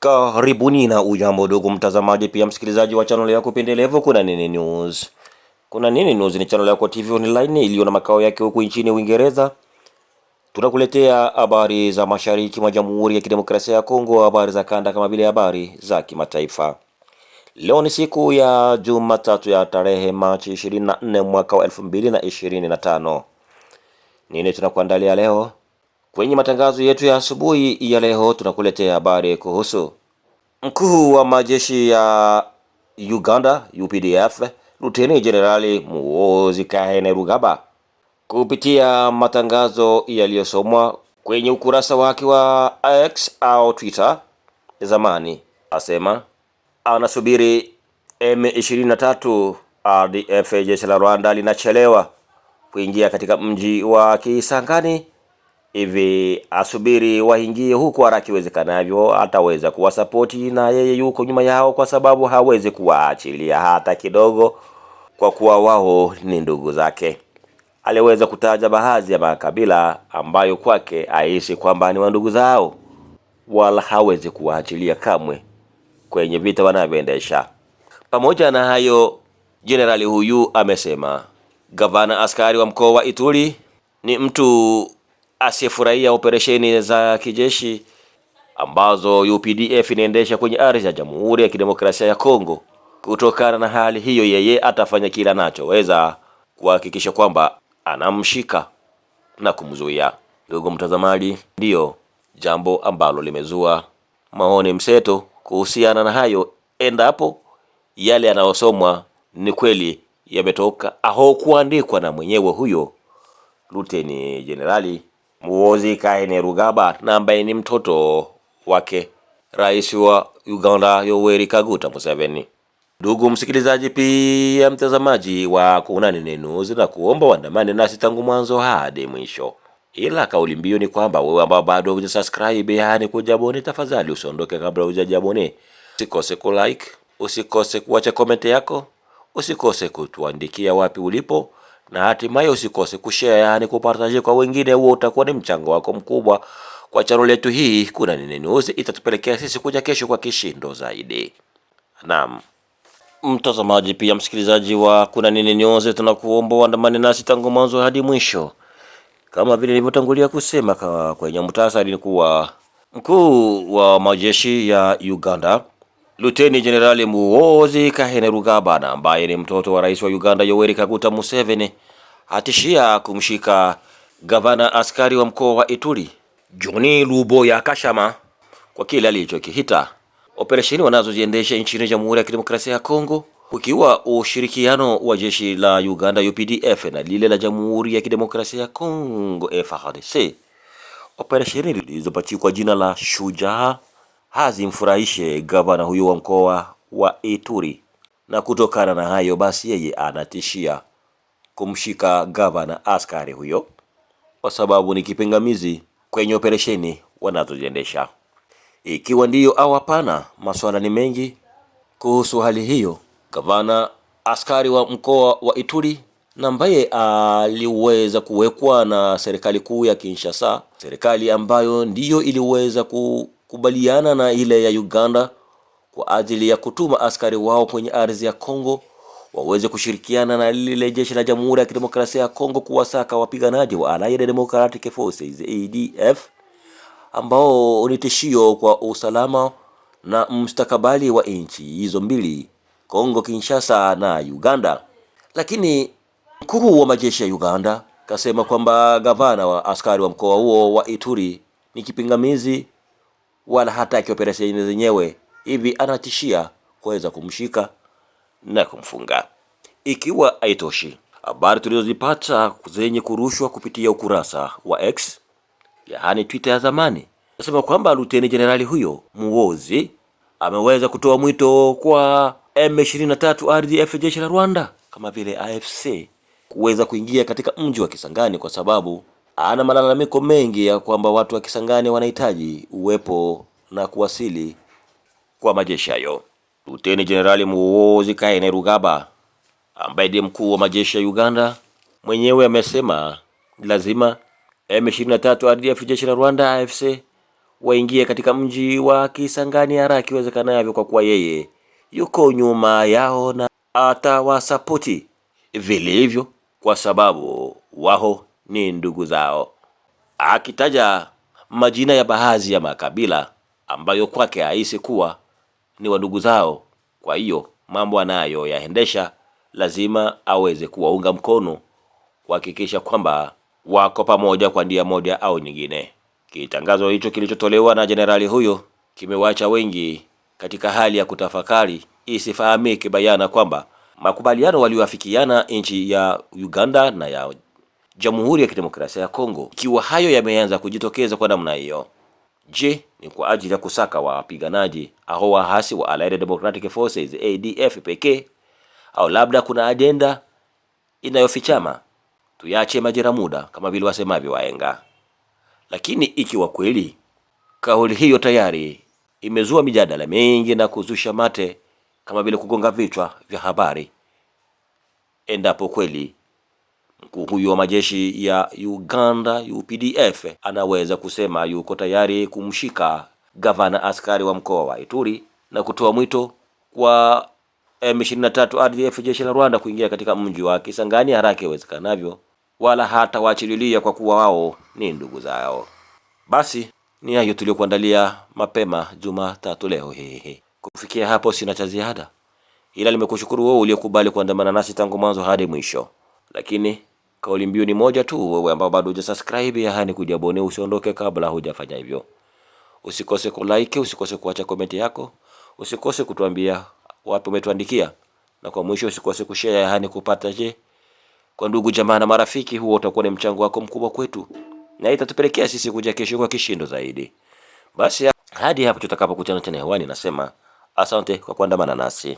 Karibuni na ujambo ndugu mtazamaji, pia msikilizaji wa channel yako pendelevu Kuna Nini News. Kuna Nini News ni channel yako TV online iliyo na makao yake huku nchini Uingereza. Tunakuletea habari za mashariki mwa Jamhuri ya Kidemokrasia ya Kongo, habari za kanda kama vile habari za kimataifa. Leo ni siku ya Jumatatu ya tarehe Machi 24 mwaka wa 2025. Nini tunakuandalia leo? Kwenye matangazo yetu ya asubuhi ya leo tunakuletea habari kuhusu mkuu wa majeshi ya Uganda UPDF Luteni Jenerali muozi Kainerugaba kupitia matangazo yaliyosomwa kwenye ukurasa wake wa X au Twitter zamani, asema anasubiri M23 RDF jeshi la Rwanda linachelewa kuingia katika mji wa Kisangani hivi asubiri waingie huko haraka iwezekanavyo, ataweza kuwasapoti na yeye yuko nyuma yao, kwa sababu hawezi kuwaachilia hata kidogo, kwa kuwa wao ni ndugu zake. Aliweza kutaja baadhi ya makabila ambayo kwake aishi kwamba ni wa ndugu zao, wala hawezi kuwaachilia kamwe kwenye vita wanavyoendesha. Pamoja na hayo, jenerali huyu amesema gavana askari wa mkoa wa Ituri ni mtu asiyefurahia operesheni za kijeshi ambazo UPDF inaendesha kwenye ardhi ya Jamhuri ya Kidemokrasia ya Kongo. Kutokana na hali hiyo, yeye atafanya kila anachoweza kuhakikisha kwamba anamshika na kumzuia. Ndugu mtazamaji, ndiyo jambo ambalo limezua maoni mseto kuhusiana na hayo, endapo yale yanayosomwa ni kweli yametoka ahokuandikwa na mwenyewe huyo Luteni Jenerali Muhoozi Kainerugaba na ambaye ni mtoto wake rais wa Uganda Yoweri Kaguta Museveni. Ndugu msikilizaji pia mtazamaji wa Kuna News, na kuomba uandamane nasi tangu mwanzo hadi mwisho, ila kauli mbiu ni kwamba wewe ambao bado hujasubscribe, yaani kujabone, tafadhali usiondoke kabla hujajabone. Usikose like, usikose kuacha komenti yako, usikose kutuandikia wapi ulipo na hatimaye usikose kushare, yani kupartaje kwa wengine. Huo utakuwa ni mchango wako mkubwa kwa chaneli yetu hii Kuna Nini News, itatupelekea sisi kuja kesho kwa kishindo zaidi. Naam mtazamaji, pia msikilizaji wa Kuna Nini News, tunakuomba uandamane nasi tangu mwanzo hadi mwisho. Kama vile nilivyotangulia kusema kwenye muhtasari, ni kuwa mkuu wa majeshi ya Uganda Luteni Jenerali Muhoozi Kainerugabana ambaye ni mtoto wa rais wa Uganda Yoweri Kaguta Museveni atishia kumshika gavana askari wa mkoa wa Ituri lubo Luboya Kashama kwa kile alichokihita operesheni wanazoziendesha nchini Jamhuri ya Kidemokrasia ya Kongo, ukiwa ushirikiano wa jeshi la Uganda UPDF na lile la Jamhuri ya Kidemokrasia ya Kongo FARDC, operesheni zilizopachikwa jina la Shujaa hazimfurahishe gavana huyo wa mkoa wa Ituri, na kutokana na hayo basi, yeye anatishia kumshika gavana askari huyo kwa sababu ni kipingamizi kwenye operesheni wanazojiendesha. Ikiwa ndiyo au hapana, masuala ni mengi kuhusu hali hiyo. Gavana askari wa mkoa wa Ituri nambaye aliweza kuwekwa na serikali kuu ya Kinshasa, serikali ambayo ndiyo iliweza ku kubaliana na ile ya Uganda kwa ajili ya kutuma askari wao kwenye ardhi ya Kongo waweze kushirikiana na lile jeshi la Jamhuri ya Kidemokrasia ya Kongo kuwasaka wapiganaji wa Allied Democratic Forces ADF ambao ni tishio kwa usalama na mstakabali wa nchi hizo mbili, Kongo Kinshasa na Uganda. Lakini mkuu wa majeshi ya Uganda kasema kwamba gavana wa askari wa mkoa huo wa Ituri ni kipingamizi wala hataki operesheni zenyewe, hivi anatishia kuweza kumshika na kumfunga. Ikiwa haitoshi, habari tulizozipata zenye kurushwa kupitia ukurasa wa X, yaani Twitter ya zamani, nasema kwamba luteni jenerali huyo muozi ameweza kutoa mwito kwa M23 RDF, jeshi la Rwanda kama vile AFC kuweza kuingia katika mji wa Kisangani kwa sababu ana malalamiko mengi ya kwamba watu wa Kisangani wanahitaji uwepo na kuwasili kwa majeshi hayo. Luteni Jenerali Muhoozi Kainerugaba ambaye ndiye mkuu wa majeshi ya Uganda mwenyewe amesema lazima M23 RDF jeshi la Rwanda AFC waingie katika mji wa Kisangani haraka iwezekanavyo, kwa kuwa yeye yuko nyuma yao na atawasapoti vilivyo, kwa sababu wao ni ndugu zao, akitaja majina ya baadhi ya makabila ambayo kwake ahisi kuwa ni ndugu zao. Kwa hiyo mambo anayoyaendesha lazima aweze kuwaunga mkono, kuhakikisha kwamba wako pamoja kwa njia moja au nyingine. Kitangazo hicho kilichotolewa na jenerali huyo kimewaacha wengi katika hali ya kutafakari. Isifahamike bayana kwamba makubaliano walioafikiana nchi ya Uganda na ya Jamhuri ya Kidemokrasia ya Kongo, ikiwa hayo yameanza kujitokeza kwa namna hiyo, je, ni kwa ajili ya kusaka wapiganaji au waasi wa Allied Democratic Forces ADF pekee au labda kuna ajenda inayofichama? Tuyache majira muda, kama vile wasemavyo waenga. Lakini ikiwa kweli kauli hiyo tayari imezua mijadala mingi na kuzusha mate kama vile kugonga vichwa vya habari, endapo kweli Mkuu huyu wa majeshi ya Uganda UPDF anaweza kusema yuko tayari kumshika gavana askari wa mkoa wa Ituri na kutoa mwito kwa M23 RDF jeshi la Rwanda kuingia katika mji wa Kisangani haraka iwezekanavyo, wala hata waachililia kwa kuwa wao ni ndugu zao. Basi ni hayo tuliyokuandalia mapema Jumatatu leo hii. Kufikia hapo sina cha ziada, ila nimekushukuru wewe uliyokubali kuandamana nasi tangu mwanzo hadi mwisho, lakini Kauli mbiu ni moja tu, wewe ambao bado hujasubscribe, yaani kujiabone, usiondoke kabla hujafanya hivyo. Usikose kulike, usikose kuacha komenti yako, usikose kutuambia wapi umetuandikia, na kwa mwisho usikose kushare, yaani kupata je kwa ndugu jamaa na marafiki. Huo utakuwa ni mchango wako mkubwa kwetu na itatupelekea sisi kuja kesho kwa kishindo zaidi. Basi hadi hapo tutakapokutana tena hewani, nasema asante kwa kuandamana nasi.